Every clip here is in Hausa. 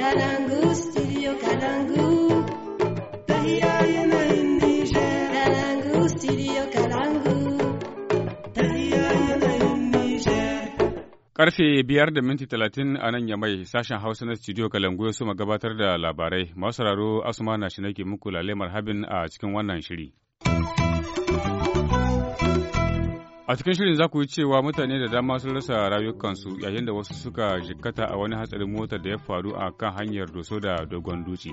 Kalangu, Karfe biyar da minti talatin a nan ya mai sashen Hausa na studio Kalangu ya suma gabatar da labarai. Masu raro Asuma na shi nake muku lalemar habin a cikin wannan shiri. A cikin shirin za ku yi cewa mutane da dama sun rasa rayukansu yayin da wasu suka jikkata a wani hatsarin motar da ya faru a kan hanyar doso da dogon dutse.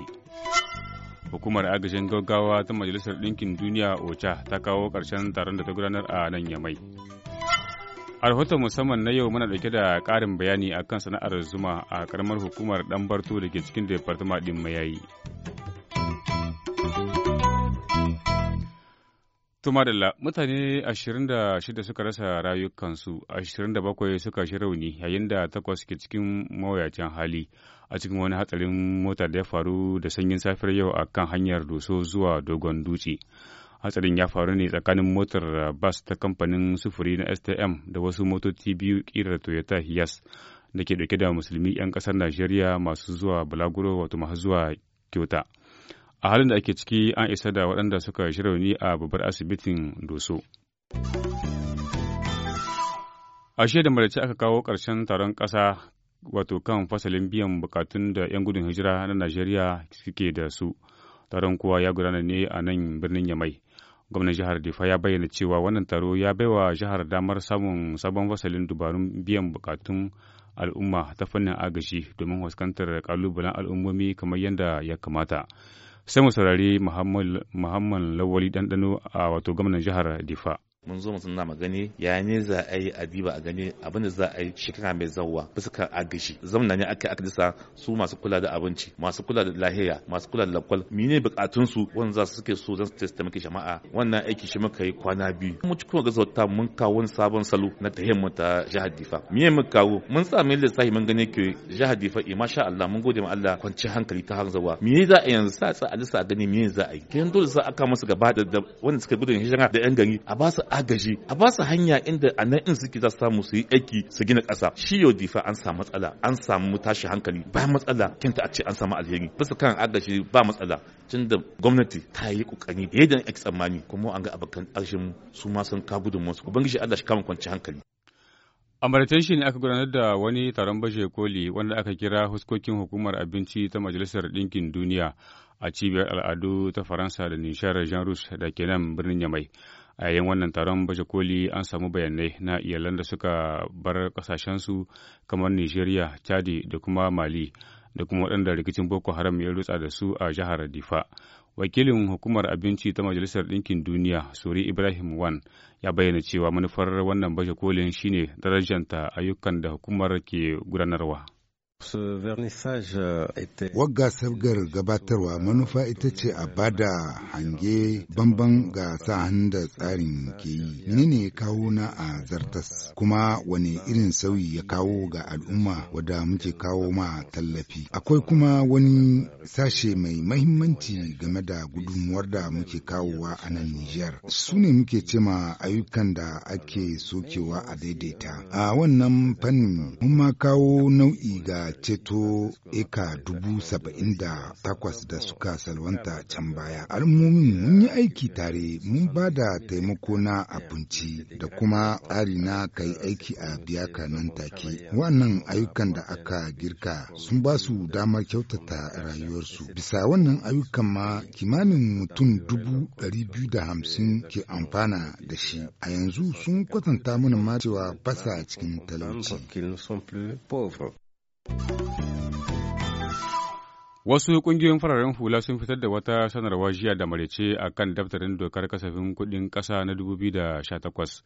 Hukumar agajin gaggawa ta Majalisar Ɗinkin Duniya OCHA ta kawo ƙarshen taron da ta gudanar a nan Yamai. A rahoton musamman na yau muna ɗauke da ƙarin bayani akan sana'ar zuma a ƙaramar hukumar ɗan barto da ke cikin Departima ɗin Mayayi. To madalla mutane 26 suka rasa rayukansu 27 suka shi rauni yayin da takwas ke cikin mawuyacin hali a cikin wani hatsarin mota da ya faru da sanyin safiyar yau a kan hanyar doso zuwa dogon dutse. Hatsarin ya faru ne tsakanin motar bas ta kamfanin sufuri na STM da wasu motoci biyu kirar Toyota hiyas da ke dauke da musulmi 'yan kasar Najeriya masu zuwa Balaguro wato masu zuwa Kyoto. a halin da ake ciki an isa da waɗanda suka shi rauni a babbar asibitin doso a da marace aka kawo ƙarshen taron ƙasa wato kan fasalin biyan bukatun da 'yan gudun hijira na najeriya suke da su taron kuwa ya gudana ne a nan birnin yamai gwamnan jihar difa ya bayyana cewa wannan taro ya baiwa jihar damar samun sabon fasalin dubarun biyan bukatun al'umma ta fannin agaji domin fuskantar kalubalen al'ummomi kamar yadda ya kamata sai mu saurari muhammad lawali ɗanɗano a wato gwamnan jihar difa mun zo mutum na magani ya ne za a yi adiba a gani abin da za a yi shekara mai zawa bisa a agashi zamna ne aka aka sa su masu kula da abinci masu kula da lahiya masu kula da lakwal mene bukatun su wanda za su suke so zan su muke jama'a wannan aiki shi muka yi kwana biyu mu cikin gazauta mun kawo wani sabon salo na tahiyyar ta jihar Difa me mun kawo mun sami lissafi mun gane ke jihar Difa eh masha Allah mun gode ma Allah kwanci hankali ta hanzawa me za a yanzu sa a lissa a gani me za a yi kin dole sa aka musu gaba da wanda suka gudun hijira da yan gari a ba su agaji a ba su hanya inda a nan in suke za su samu su yi aiki su gina ƙasa shi yau difa an samu matsala an samu tashi hankali ba matsala kinta a ce an samu alheri bisa kan agaji ba matsala tun da gwamnati ta yi kokari yadda ake tsammani kuma an ga abokan arshin su ma sun ka gudun wasu ubangiji Allah shi kama kwanci hankali a maratain shi ne aka gudanar da wani taron bashe koli wanda aka kira huskokin hukumar abinci ta majalisar ɗinkin duniya a cibiyar al'adu ta faransa da nishar jean rouge da ke nan birnin yamai a yayin wannan taron baje koli an samu bayanai na iyalan da suka bar kasashensu kamar nigeria chadi da kuma mali da kuma waɗanda rikicin boko haram ya rutsa da su a jihar difa wakilin hukumar abinci ta majalisar ɗinkin duniya suri ibrahim wan ya bayyana cewa manufar wannan baje kolin shine darajanta ayyukan da hukumar ke gudanarwa Euh, Wagga sabgar gabatarwa manufa ita ce a bada hange bamban ga sa'an da tsarin ke yi. Menene ya kawo na a zartas kuma Wani irin sauyi ya kawo ga al'umma wadda muke kawo ma tallafi. Akwai kuma wani sashe mai mahimmanci game da gudunmuwar da muke kawowa a nan Nijar. Su ne muke cema ayyukan da ake sokewa a daidaita. A wannan fannin mun ma kawo nau'i ga ceto eka dubu saba'in da takwas da suka salwanta can baya. Al'ummomin mun yi aiki tare mun ba da taimako na abinci da kuma tsari na kai aiki a biyaka nan take. Wannan ayyukan da aka girka sun ba su damar kyautata rayuwarsu. Bisa wannan ayyukan ma kimanin mutum dubu ɗari biyu da hamsin ke amfana da shi. A yanzu sun kwatanta mana ma cewa fasa cikin talauci. Wasu ƙungiyoyin fararen hula sun fitar da wata sanarwa jiya da marece a kan daftarin dokar kasafin kuɗin ƙasa na 2018.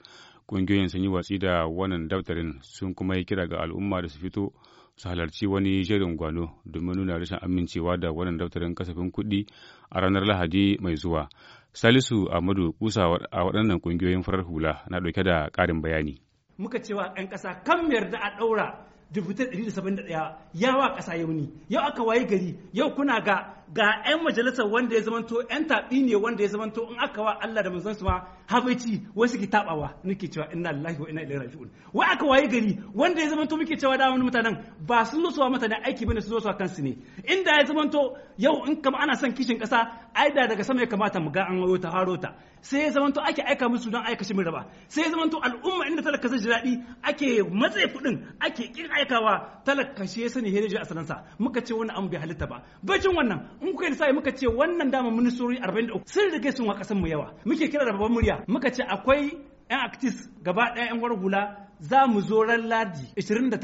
Ƙungiyoyin sun yi watsi da wannan daftarin sun kuma yi kira ga al'umma da su fito su halarci wani jerin gwano domin nuna rashin amincewa da wannan daftarin kasafin kuɗi a ranar Lahadi mai zuwa. Salisu Ahmadu kusa a waɗannan ƙungiyoyin farar hula na ɗauke da ƙarin bayani. Muka cewa 'yan ƙasa kan yarda a ɗaura 1971 yawa ƙasa yau ne yau aka waye gari yau kuna ga ga 'yan majalisar wanda ya zamanto 'yan taɓi ne wanda ya zamanto in aka wa Allah da manzon su ma habaici wai suke tabawa nake cewa inna lillahi wa inna ilaihi raji'un wai aka waye gari wanda ya zamanto muke cewa da wani mutanen ba sun zo mutane aiki bane su zo a kansu ne inda ya zamanto yau in kama ana son kishin ƙasa ai da daga sama ya kamata mu ga an wayo ta haro ta sai zamanto ake aika musu don aika shi raba sai zamanto al'umma inda talaka zai ji daɗi ake matsayi kuɗin ake kin aikawa talaka shi ya sani hede ji asalansa muka ce wannan an bai halitta ba bacin wannan in kuka lissafi muka ce wannan dama ministori 43 sun rige sun wa mu yawa muke kira da babban murya muka ce akwai yan actis gaba ɗaya yan hula za mu zo ran ladi 29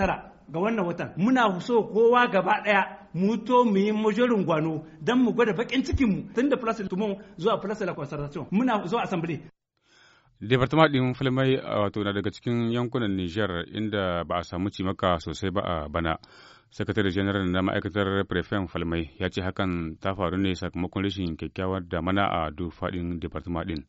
ga wannan watan muna so kowa gaba ɗaya mu to mu yi majorin gwano don mu gwada bakin cikin mu tun da Place Tumon zuwa Place La Concertation muna zuwa Assemblée. Departement ɗin Filmai wato na daga cikin yankunan Nijar inda ba a samu cimaka sosai ba a bana. sakatare general na ma'aikatar prefen falmai ya ce hakan ta faru ne sakamakon rashin kyakkyawar da mana a duk faɗin departama ɗin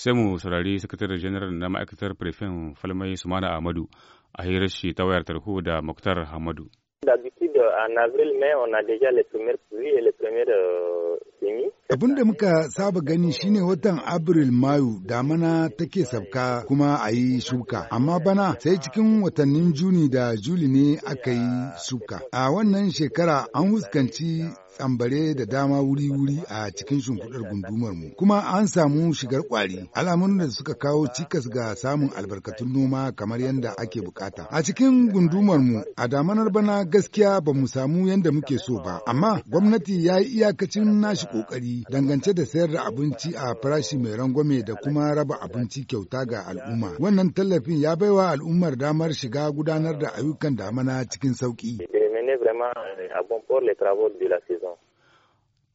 sai mu saurari sakatare General na ma'aikatar prefen falmai sumana ahmadu a hirar shi ta wayar tarho da muktar hamadu D'habitude, en avril-mai, on a déjà les premières pluies et les premières euh, semis. Abin da muka saba gani shine watan Abril Mayu damana take sabka kuma a yi shuka, amma bana sai cikin watannin Juni da Juli ne aka yi shuka. A wannan shekara an fuskanci tsambare da dama wuri-wuri a cikin shimfiɗar gundumar mu. Kuma an samu shigar kwari alamun da suka kawo cikas ga samun albarkatun noma kamar yadda ake bukata. A cikin gundumar mu a damanar bana gaskiya ba mu samu yadda muke so ba, amma gwamnati ya yi iyakacin nashi kokari dangance da sayar da abinci a farashi mai rangwame da kuma raba abinci kyauta ga al'umma. Wannan tallafin ya baiwa al'ummar damar shiga gudanar da ayyukan damana cikin sauƙi. est vraiment euh, à bon port les travaux de la saison.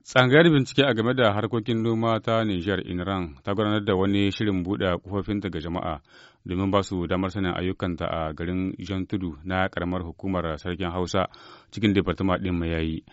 Tsangayar bincike a game da harkokin noma ta Nijar Inran ta gudanar da wani shirin buɗe kofofinta daga jama'a domin ba su damar sanin ayyukanta a garin Jan Tudu na karamar hukumar Sarkin Hausa cikin Departima ɗin Mayayi.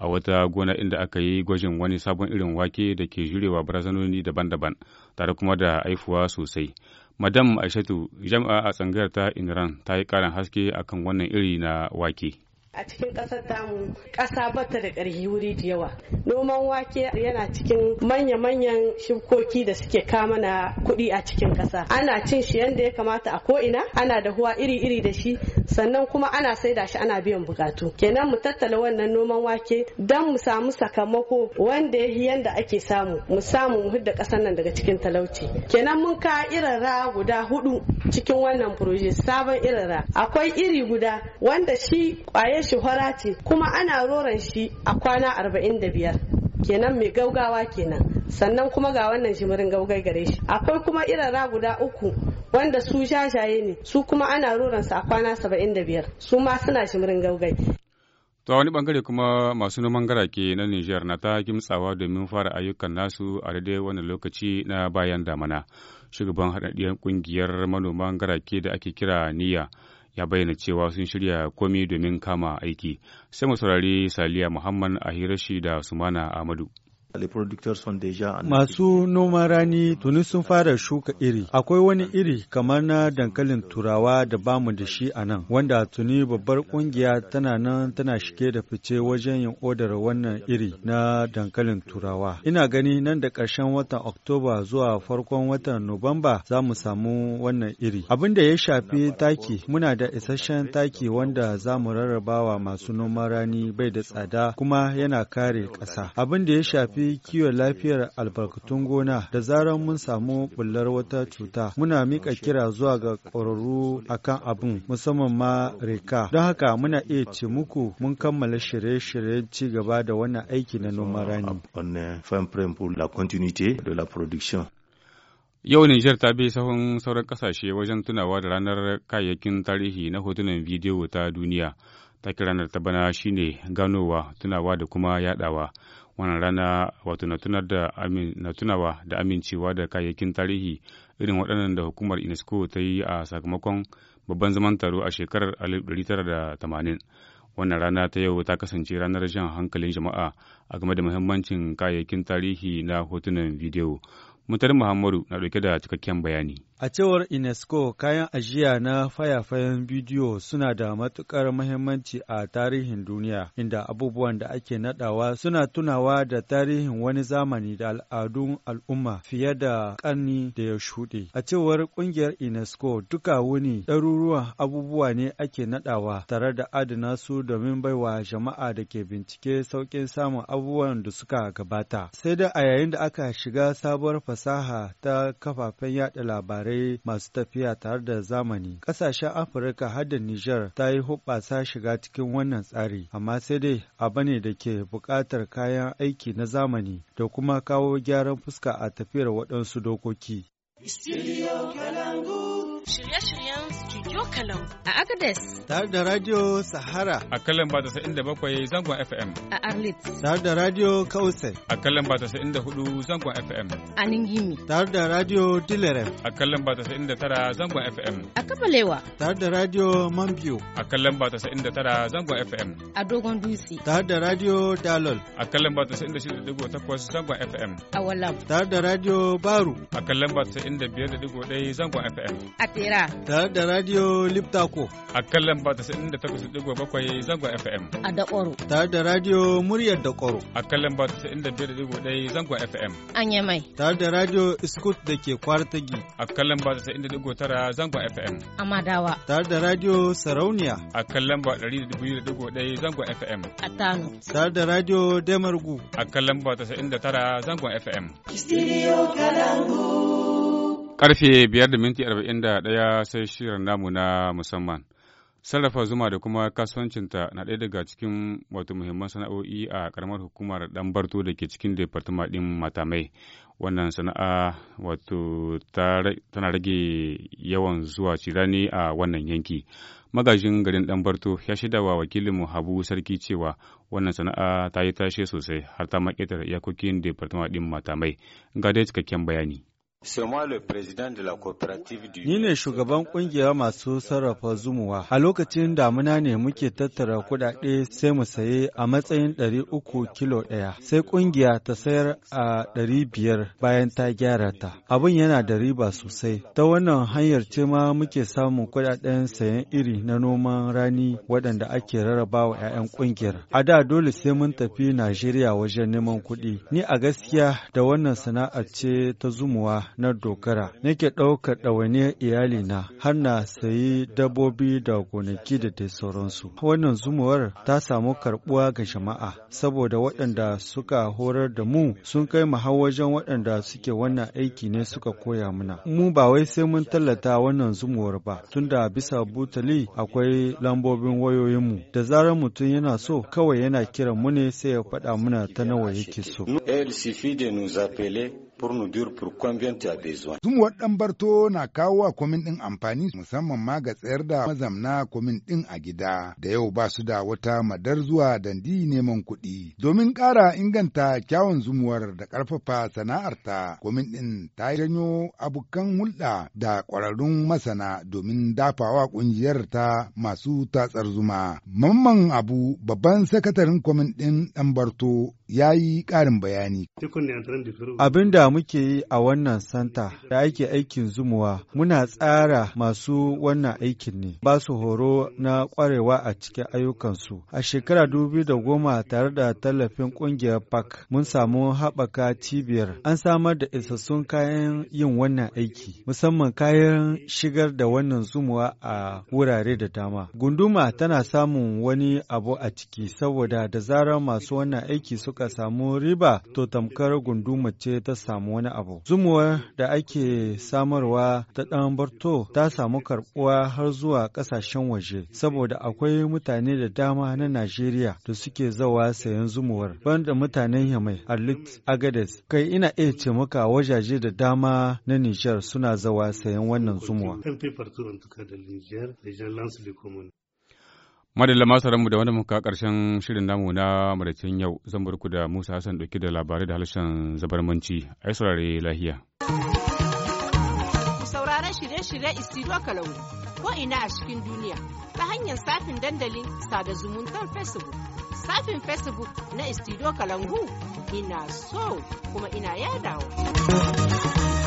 A wata gona inda aka yi gwajin wani sabon irin wake da ke jurewa barazanoni daban-daban tare kuma da aifuwa sosai. Madam Aishatu jama'a a tsangayar ta Inran ta yi ƙarin haske akan wannan iri na wake. a cikin ƙasar tamu ƙasa bata da ƙarfi wuri da yawa noman wake yana cikin manya-manyan shukoki da suke kama na kuɗi a cikin ƙasa ana cin shi yadda ya kamata a ko'ina ana da huwa iri-iri da shi sannan kuma ana saida shi ana biyan bukatu kenan mu tattala wannan noman wake don mu samu sakamako wanda yahi yanda ake samu mu samu mu hudda ƙasar nan daga cikin talauci kenan mun ka irin ra guda hudu cikin wannan proje sabon irin ra akwai iri guda wanda shi ƙwayar kayan shi hora ce kuma ana roran shi a kwana 45 kenan mai gaugawa kenan sannan kuma ga wannan shimirin gaugai gare shi akwai kuma irin ra guda uku wanda su shashaye ne su kuma ana roransa a kwana 75 su ma suna shimirin gaugai To wani bangare kuma masu noman garake na Nijar na ta kimtsawa domin fara ayyukan nasu a daidai wannan lokaci na bayan damana. Shugaban haɗaɗɗiyar ƙungiyar manoman garake da ake kira niyya ya bayyana cewa sun shirya komi domin kama aiki. Sai mu saurari Saliya Muhammad a hirashi da Sumana amadu. Masu noman rani tuni sun fara shuka iri. Akwai wani iri kamar na dankalin turawa da bamu da shi a nan, wanda tuni babbar kungiya tana nan tana shige da fice wajen yin odar wannan iri na dankalin turawa. Ina gani nan da ƙarshen watan Oktoba zuwa farkon watan Nuwamba za mu samu wannan iri. Abin da ya shafi taki, muna da isasshen taki wanda za mu rarrabawa masu noman rani bai da tsada kuma yana kare ƙasa. Abin da ya shafi shafi kiwon lafiyar albarkatun gona da zarar mun samu bullar wata cuta muna mika kira zuwa ga ƙwararru akan abin musamman ma reka don haka muna iya ce muku mun kammala shirye-shiryen ci gaba da wannan aiki na noman rani. Yau Nijar ta bi sahun sauran kasashe wajen tunawa da ranar kayayyakin tarihi na hotunan bidiyo ta duniya. ta ranar ta bana shine ganowa, tunawa da kuma yadawa. wannan rana wato na tunawa da amincewa da kayayyakin tarihi irin waɗannan da hukumar unesco ta yi a sakamakon babban zaman taro a shekarar 1980 wannan rana ta yau ta kasance ranar jan hankalin jama'a a game da muhimmancin kayayyakin tarihi na hotunan bidiyo mutar muhammadu na ɗauke da cikakken bayani A cewar UNESCO, kayan ajiya na fayafayen bidiyo suna da matuƙar mahimmanci a tarihin duniya, inda abubuwan da ake nadawa suna tunawa da tarihin wani zamani da al'adun al'umma fiye da ƙarni da ya shuɗe. A cewar ƙungiyar UNESCO, duka wuni ɗaruruwan abubuwa ne ake nadawa tare da adana su domin baiwa jama'a da ke bincike sauƙin samun abubuwan da suka gabata. Sai da a yayin da aka shiga sabuwar fasaha ta kafafen yaɗa labarai labarai masu tafiya tare da zamani. Ƙasashen Afirka har da Nijar ta yi hoɓɓasa shiga cikin wannan tsari, amma sai dai abu ne da ke buƙatar kayan aiki na zamani da kuma kawo gyaran fuska a tafiyar waɗansu dokoki. Studio Kalau. A Agadez. Tare da Radio Sahara. A kalan ba da bakwai zangon FM. A Arlit. Tare da Radio Kausai. A kalan ba da hudu zangon FM. A Ningimi. Tare da Radio Dilerem. A kalan ba da tara zangon FM. A Kabalewa. Tare da Radio Mambiyo. A kalan ba da tara zangon FM. A Dogon Dutse. Tare da Radio Dalol. A kalan ba da digo takwas zangon FM. A Walam. Tare da Radio Baru. A kalan ba da biyar da zangon FM. A Tera. Tare da Radio Radio Liptako. A kan lamba bakwai zangon FM. A Dakoro. Tare da Radio Muryar Dakoro. A kan lamba 95.1 zangon FM. Anya mai. Tare da Radio Iskut da ke Kwartagi. A kan lamba tara zangon FM. A Madawa. Tare da Radio Sarauniya. A kan lamba 102.1 zangon FM. A Tano. Tare da Radio Demargu. A kan lamba tara zangon FM. Studio Kalangu. Karfe biyar da minti arba'in da ɗaya sai shirin namu na musamman. Sarrafa zuma da kuma kasuwancinta na ɗaya daga cikin wato muhimman sana'o'i a karamar hukumar ɗanbarto barto da ke cikin departama ɗin matamai. Wannan sana'a wato tana rage yawan zuwa cirani a wannan yanki. Magajin garin ɗan barto ya shaida wa wakilinmu Habu Sarki cewa wannan sana'a ta yi tashe sosai har ta maƙetar iyakokin departama ɗin matamai. Ga dai cikakken bayani. Ni ne shugaban kungiyar masu sarrafa zumuwa. A lokacin damuna ne muke tattara kudade sai mu saye a matsayin ɗari kilo ɗaya. Sai kungiya ta sayar a ɗari biyar bayan ta gyara ta. Abin yana da riba sosai. Ta wannan hanyar ce ma muke samun kudaden sayan iri na noman rani waɗanda ake rarrabawa wa 'ya'yan kungiyar. A da dole sai mun tafi Najeriya wajen neman kuɗi. Ni a gaskiya da wannan sana'ar ce ta zumuwa na dogara nake ɗaukar ɗawainiyar iyalina har na sayi dabbobi da gonaki da dai sauransu. Wannan zumuwar ta samu karɓuwa ga jama'a saboda waɗanda suka horar da mu sun kai mu har wajen waɗanda suke wannan aiki ne suka koya mana. Mu ba wai sai mun tallata wannan zumuwar ba tunda bisa butali akwai lambobin wayoyinmu da zarar mutum yana so kawai yana kiran mu ne sai ya faɗa mana ta nawa yake so. pour nous dire pour combien tu as besoin. Zumuwar ɗan Barto na kawo wa komin ɗin amfani musamman ma ga tsayar da mazamna kwamin ɗin a gida da yau ba su da wata madar zuwa dandi neman kuɗi. Domin ƙara inganta kyawun zumuwar da ƙarfafa sana'arta komin ɗin ta janyo abokan hulɗa da ƙwararrun masana domin dafawa ƙungiyar ta masu tatsar zuma. Mamman Abu babban sakataren kwamin ɗin ɗan Barto ya yi ƙarin bayani. Abin da muke yi a wannan santa da ake aikin zumuwa muna tsara masu wannan aikin ne ba su horo na ƙwarewa a cikin ayyukansu. A shekara dubu da goma tare da tallafin ƙungiyar PAC mun samu haɓaka cibiyar an samar da isassun kayan yin wannan aiki musamman kayan shigar da wannan zumuwa a wurare da dama. Gunduma tana samun wani abu a ciki saboda da zarar masu wannan aiki suka suka samu riba to tamkar gunduma ce ta samu wani abu. Zumuwar da ake samarwa ta ɗan barto ta samu karɓuwa har zuwa ƙasashen waje saboda akwai mutane da dama na Najeriya da suke zawa sayan zumuwar banda mutanen Yamai, Alit, Agades. Kai ina iya ce maka wajaje da dama na Nijar suna zawa sayan wannan zumuwa. Madalla masaranmu da wanda muka karshen shirin namu na maraicin yau zan barku da Musa Hassan ɗauki da labarai da harshen zabarmanci ai saurare lahiya. Sauraron shirye-shirye Isidro Kalau ko ina a cikin duniya ta hanyar safin dandalin sada zumuntar Facebook. Safin Facebook na Isidro Kalangu ina so kuma ina yadawa.